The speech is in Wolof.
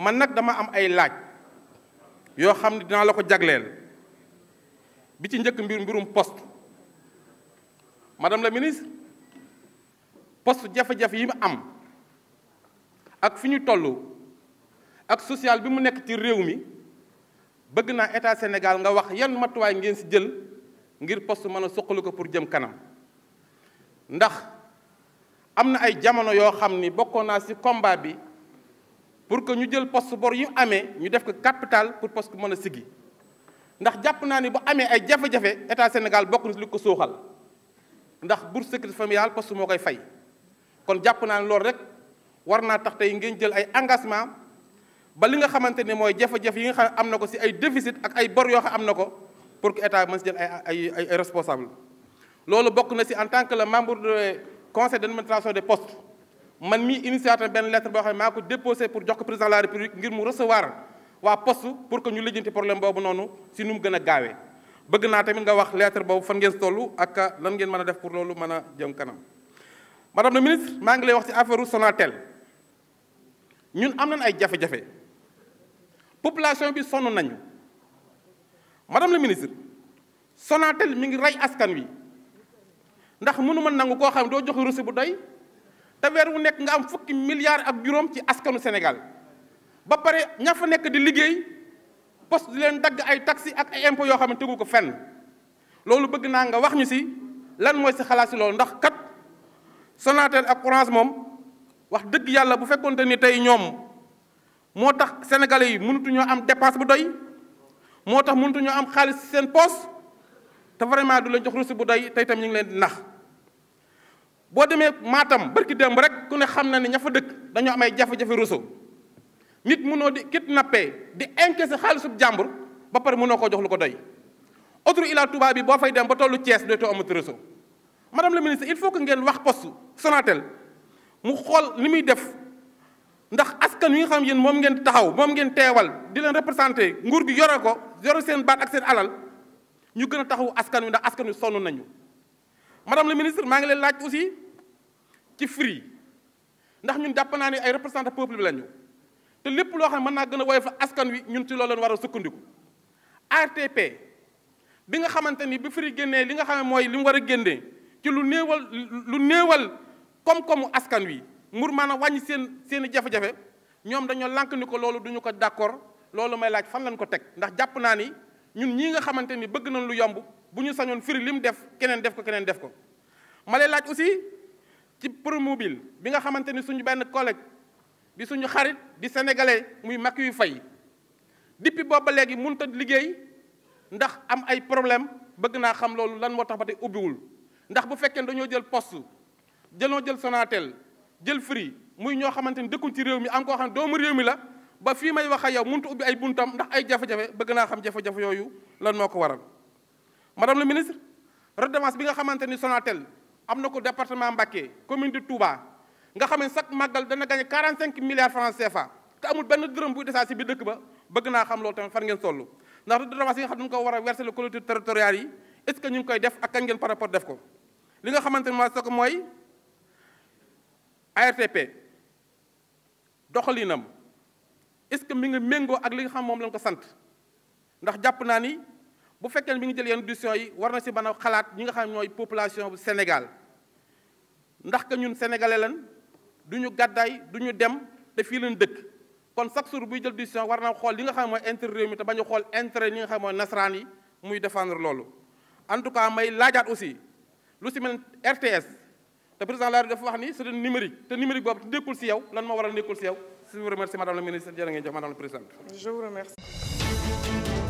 man nag dama am ay laaj yoo xam ne dinaa la ko jagleel bi ci njëkk mbir mbirum poste madame la ministre poste jafe-jafe yi mu am ak fi ñu toll ak social bi mu nekk ci réew mi bëgg naa état Sénégal nga wax yan matuwaay ngeen si jël ngir poste mën a suqali ko pour jëm kanam ndax am na ay jamono yoo xam ni bokkoon naa si combat bi pour que ñu jël poste bor yu amee ñu def ko capital pour poste mën a siggi ndax japp naa ni bu amé ay jafe-jafe état Sénégal bokku na liko soxal ndax bourse sécurité familial poste mo koy fay kon japp naa lool rek war naa tax tay ngeen jël ay engagement ba li nga xamante moy mooy jafe-jafe yi nga xam am ko si ay déficit ak ay bor yo xam am ko pour que état mën si jël ay ay responsable loolu bokku na ci en tant que le membre du conseil d'administration des postes man mi initiateur ben lettre bo xam mako maa déposé pour jox ko président de la république ngir mu recevoir wa poste pour que ñu lijjanti problème bobu noonu si nu gëna gaawé bëgg na tamit nga wax lettre bobu fan ngeen tollu ak lan ngeen mëna def pour lolu mëna jëm kanam. madame la ministre ma ngi lay wax ci affaire Sonatel ñun am nañ ay jafé jafé population bi sonu nañu madame la ministre Sonatel mi ngi ray askan wi ndax mënu ma nangu ko xam do joxe reçu bu doy. te weer wu nekk nga am fukki milliards ak juróom ci askanu senegal ba pare ña fa nekk di liggéey poste di leen dagg ay taxi ak ay impôts yoo xam ne tegu ko fenn loolu bëgg naa nga wax ñu si lan mooy si xalaat si loolu ndax kat Sonatel ak Orange moom wax dëgg yàlla bu fekkonte ni tey ñoom moo tax senegal yi mënutuñoo am dépense bu doy moo tax mënutuñoo am xaalis seen poos te vraiment du leen jox reçu bu doy tey tam ñu ngi leen di nax boo demee Matam barki démb rek ku ne xam na ne ña fa dëkk dañoo amee ay jafe-jafe réseau nit mënoo di kidnappé di encaissé xaalisu jàmbur ba pare mënoo koo jox lu ko doy. autre ila tubaab yi boo fay dem ba tollu cees doy too amati réseau madame la ministre il faut que ngeen wax poste Sonatel mu xool li muy def ndax askan wi nga xam yéen moom ngeen taxaw moom ngeen teewal di leen représenté nguur gi yore ko yore seen baat ak seen alal ñu gën a taxawu askan wi ndax askan wi sonn nañu. madame la ministre maa ngi leen laaj aussi ci Free ndax ñun jàpp naa ne ay représentant peuple bi lañu te lépp loo xam ne mën naa gën a woy woyof askan wi ñun ci loolu leen war a sukkandiku ARTP bi nga xamante ni bi Free génnee li nga xam ne mooy li mu war a génnee ci lu néewal lu néewal koom-koomu askan wi mur maanaam wàññi seen seen i jafe-jafe ñoom dañoo lank ni ko loolu duñu ko d'accord loolu may laaj fan lañ ko teg ndax jàpp naa nii ñun ñii nga xamante ni bëgg nañ lu yomb bu ñu sañoon firi li mu def keneen def ko keneen def ko ma lay laaj aussi ci promobile bi nga xamante ni suñu benn collègue bi suñu xarit di sénégalais muy mag yuy fay depuis boobu ba léegi mënut a liggéey ndax am ay problème bëgg naa xam loolu lan moo tax ba tey ubbiwul ndax bu fekkee dañoo jël poste jëloo jël sonaateel jël Free muy ñoo xamante ni dëkkuñ ci réew mi am koo xam doomu réew mi la ba fi may wax ak yow muntu ubbi ay buntam ndax ay jafe-jafe bëgg na xam jafe-jafe yoyu lan moko waral. madame le ministre redevance bi nga xamanteni ni Sonatel amna ko département Mbacké commune de Touba nga xamé ne magal dana gagné 45 milliards francs CFA te amul benn dërëm bu déssa ci bi dëkk ba bëgg na xam lool tam far ngeen tollu ndax redevance yi nga xam ne ko wara verser le collectivité territoriale yi est ce que ñu koy def ak kañ ngeen par rapport def ko. li nga xamanteni ne sax moy ARTP doxalinam. est-ce que mi ngi méngoo ak li nga xam moom lañ ko sant ndax jàpp naa ni bu fekkee mi ngi jël yenn décisions yi war na si mën xalaat ñi nga xam mooy population bu Sénégal ndax que ñun sénégalais lan duñu gàddaay du ñu dem te fii lañ dëkk kon chaque jour buy jël décision war na xool li nga xam mooy intérêt mi te bañ xool intérêt li nga xam mooy nasaraan yi muy défendre loolu. en tout cas may laajaat aussi lu si mel RTS te président Larrey dafa wax ni c'est numérique te numérique boobu nekkul si yow lan moo waral nekkul si yow. je vous remercie madame la ministre jërë ngeen jëf